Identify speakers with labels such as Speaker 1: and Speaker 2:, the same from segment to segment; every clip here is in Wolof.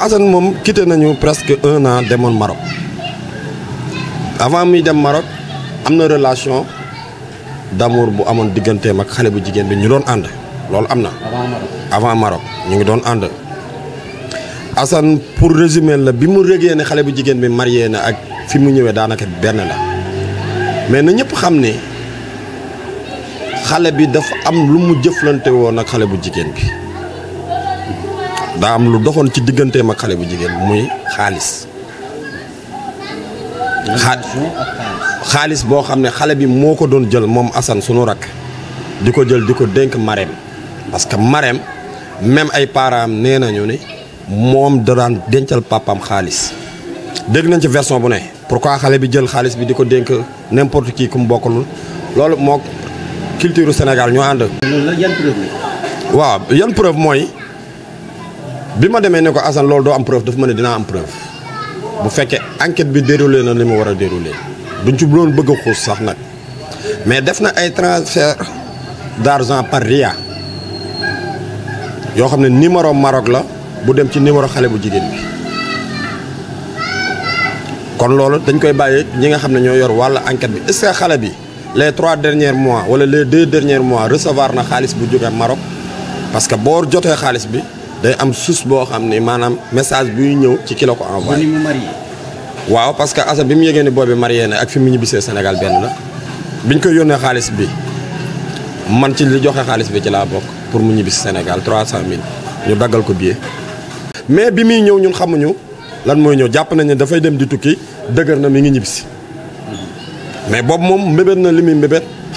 Speaker 1: Assane moom quitté nañu presque naa demoon Maroc avant muy dem Maroc am na relation d'amour bu amoon digganteem ak xale bu jigéen bi ñu doon ànd loolu am na. avant Maroc ñu ngi doon ànd. Assane pour résumer la bi mu régee ne xale bu jigéen bi marié na ak fi mu ñëwee daanaka benn la mais na ñëpp xam ne xale bi dafa am lu mu jëflante woon ak xale bu jigéen bi. daa am lu doxoon ci digganteem ak xale bu jigéen muy xaalis xaalis boo xam ne xale bi moo ko doon jël moom Assane sunu rakk di ko jël di ko dénk Marème parce que Marème même ay parent am nee nañu ni moom da daan dencal papam xaalis dégg nañ ci version bu ne pourquoi xale bi jël xaalis bi di ko dénk n'importe qui ku mu bokkalul loolu moo culture Sénégal ñoo ànd. waaw yan preuve mooy. bi ma demee ne ko Assane loolu doo am preuve dafa ma ne dinaa am preuve bu fekkee enquête bi déroulé na li mu war a déroulé duñ ci loon bëgg a xuus sax nag mais def na ay transfert d'argent par Ria yoo xam ne numéro Maroc la bu dem ci numéro xale bu jigéen bi kon loolu dañ koy bàyyi ñi nga xam ne ñoo yor wàllu enquête bi est xale bi les trois derniers mois wala les deux derniers mois recevoir na xaalis bu jóge Maroc parce que boo jotee xaalis bi day am source boo xam ne maanaam message buy ñëw ci ki la ko envoyé. waaw parce que Assane bi mu yëgee ni booy bi marié na ak fi mu ñibbisee Sénégal benn bi biñ koy yónnee xaalis bi man ci li joxe xaalis bi ci laa bokk pour mu ñibbisi Sénégal mille ñu daggal ko bii mais bi muy ñëw ñun xamuñu lan mooy ñëw jàpp nañ ne dafay dem di tukki dëgër na mi ngi ñibbisi mais boobu moom mbébét na li muy mbébét.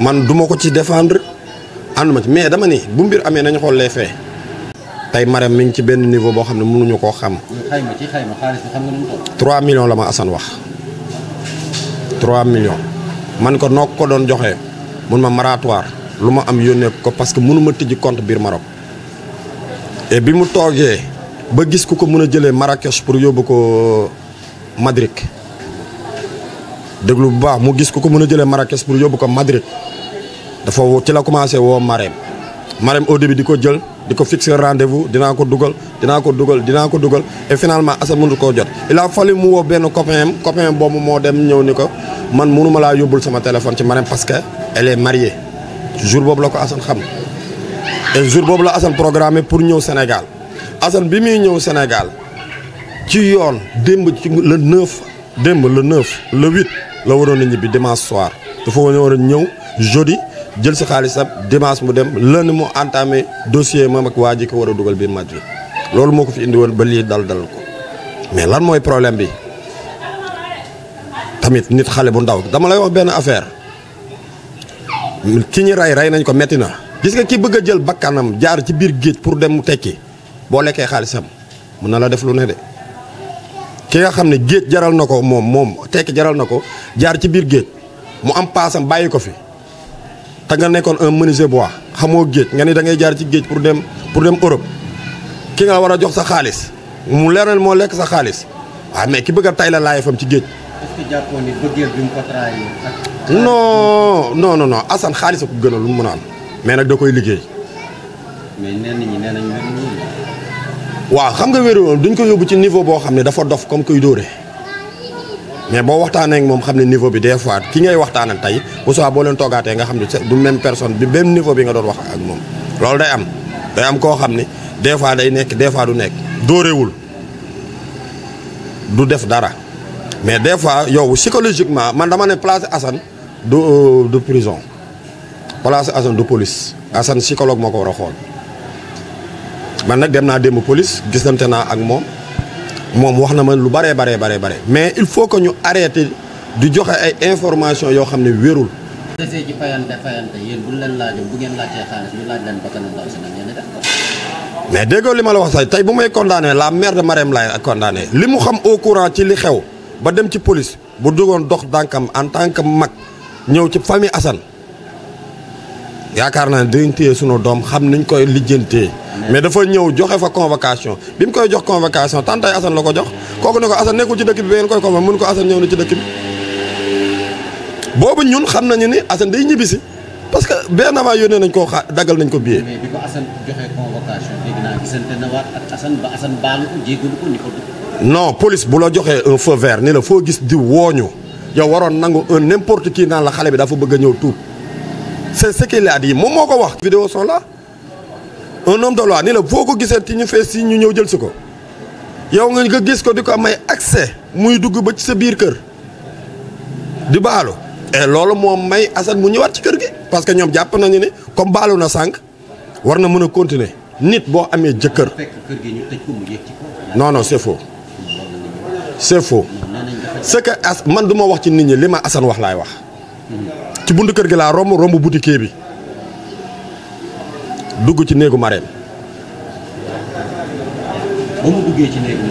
Speaker 1: man duma ko ci défendre ànduma ci mais dama ni bu mbir amee nañu xool les tey Marème mi ci benn niveau boo xam ne mënuñu koo xam. xayma millions la ma Assane wax 3 millions man ko noo ko doon joxee mun ma maratoire lu ma am yónnee ko parce que mënuma tijji compte biir Maroc bi mu toogee ba gis ku ko mun a jëlee Marrakech pour yóbbu ko Madrid. déglu bu baax mu gis ko ko mën a jëlee Marrakech pour yóbbu ko Madrid dafa ci la commencé woo Marème Marème au début di ko jël di ko fixer rendez-vous dinaa ko dugal dinaa ko dugal dinaa ko dugal et finalement Assane mënut ko jot il a fallu mu woo benn copain copain boobu moo dem ñëw ni ko man mënuma laa yóbbul sama téléphone ci Marème parce que elle est mariée jour boobu la ko Assane xam et jour boobu la Assane programmé pour ñëw Sénégal Assane bi muy ñëw Sénégal ci yoon démb ci le 9 démb le 9 le 8 la waroon a ñibbi dimanche soir dafa war a ñëw jeudi jël si xaalisam dimanche mu dem lundi mu entamé dossier ma ak waa ji ko war a dugal biir Madrid loolu moo ko fi indi woon ba lii dal dal ko mais lan mooy problème bi tamit nit xale bu ndaw dama lay wax benn affaire ki ñu rey rey nañ ko metti na. gis nga kii bëgg a jël bakkanam jaar ci biir géej pour dem mu tekki boo lekkee xaalisam mën na la def lu ne de. ki nga xam ne géej jaral na ko moom moom tekki jaral na ko jaar ci biir géej mu am paasam bàyyi ko fi te nga nekkoon un menuisier bois xamoo géej nga ni dangay jaar ci géej pour dem pour dem Europe ki nga war a jox sa xaalis mu leer moo lekk sa xaalis waaw mais ki bëgg a tay la laay fam ci géej. est-ce noo jàppoon ni bëggeel bi mu xaalis a ko gënal mën a am mais nag da koy liggéey. mais waaw xam nga wéeru duñ ko yóbbu ci niveau boo xam ne dafa dof comme kuy dóore mais boo waxtaanee moom xam ne niveau bi des fois ki ngay waxtaanal tey bu soo boo leen toogaatee nga xam ne du même personne bi même niveau bi nga doon wax ak moom loolu day am day am koo xam ne des fois day nekk des fois du nekk dóorewul du def dara mais des fois yow psychologiquement man dama ne place Assane du euh, du prison place Assane du police Assane psychologue moo ko war a xool man nag dem naa démb police gisante naa ak moom moom wax na ma lu baree baree baree bare mais il faut que ñu arrêté di joxe ay information yoo xam ne wérul. desee ci fayante ngeen laajtee xaalis ñu mais déggoo li ma la wax sax tey bu may condamné la mère de Marème ak condamné li mu xam au courant ci li xew ba dem ci police bu duggoon dox dànkam en tant que mag ñëw ci famille assan yaakaar naa ne dinañ téye suñu doom xam niñ koy lijjantee. mais dafa ñëw joxe fa convocation bi mu koy jox convocation tantay Assane la ko jox. kooku ne ko Assane nekkul ci dëkk bi ko mën ko Assane ñëw na ci dëkk bi. boobu ñun xam nañu ni Assane day ñibbisi parce que benn avant yónnee nañ koo xaa daggal nañ ko billet. mais bi ko joxe non police bu la joxee un feu vert ni la foo gis di wooñu yow waroon nangu un n'importe qui naan la xale bi dafa bëgg a ñëw tuub. c'est ce qu'il a dit moom moo ko wax. vidéo sont là un homme de loi ni la boo ko gisee ci ñu fees si ñu ñëw jël si ko yow nga nga gis ko di ko may accès muy dugg ba ci sa biir kër di baalu. et loolu moom may Assane mu ñëwaat ci kër gi parce que ñoom jàpp nañu ne comme baalu na sànq war na mën a continuer nit boo amee jëkkër. fekk kër gi ñu tëj c'est faux c'est que as man du ma wax ci nit ñi li ma Assane wax laay wax. Mhm. ci buntu kër gi laa romb romb boutique bi dugg ci néegu Marème. ba mu duggee ci néegu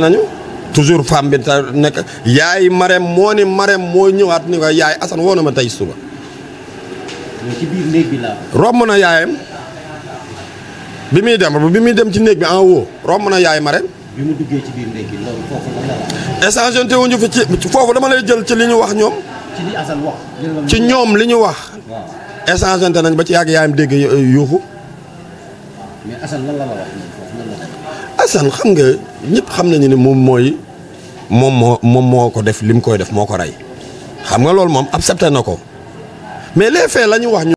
Speaker 1: nañu toujours femme bi ta nekk yaay Marème moo ni Marème moo ñëwaat ni ko yaay Assane woo na ma tey suba. romb na yaayam bi muy dem bi muy dem ci néeg bi en haut romb na yaay Marème. bi mu ci biir néeg fi ci foofu dama lay jël ci li ñu wax ñoom. ci ñoom li ñu wax. échange nañ ba ci yàgg yaayam dégg yuuxu. mais xam nga ñëpp xam nañu ni moom mooy moom moo moom moo ko def lim koy def moo ko rey xam nga loolu moom accepté na ko mais les faits la ñu wax ñu.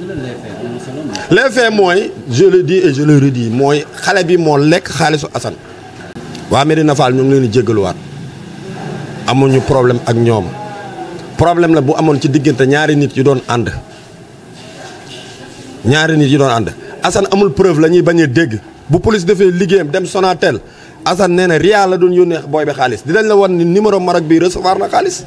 Speaker 1: les mooy je le dis mooy xale bi moo lekk xaalisu Assane. waa Medina Fall ñu ngi leen di jégaluwaat amuñu problème ak ñoom. problème la bu amoon ci diggante ñaari nit yu doon ànd ñaari nit yu doon ànd Assane amul preuve la ñuy bañ dégg bu police defee liggéeyam dem Sonatel Assane nee na Ria la doon yónnee booy bi xaalis dinañ la wan ni numéro Maroc bi recevoir na xaalis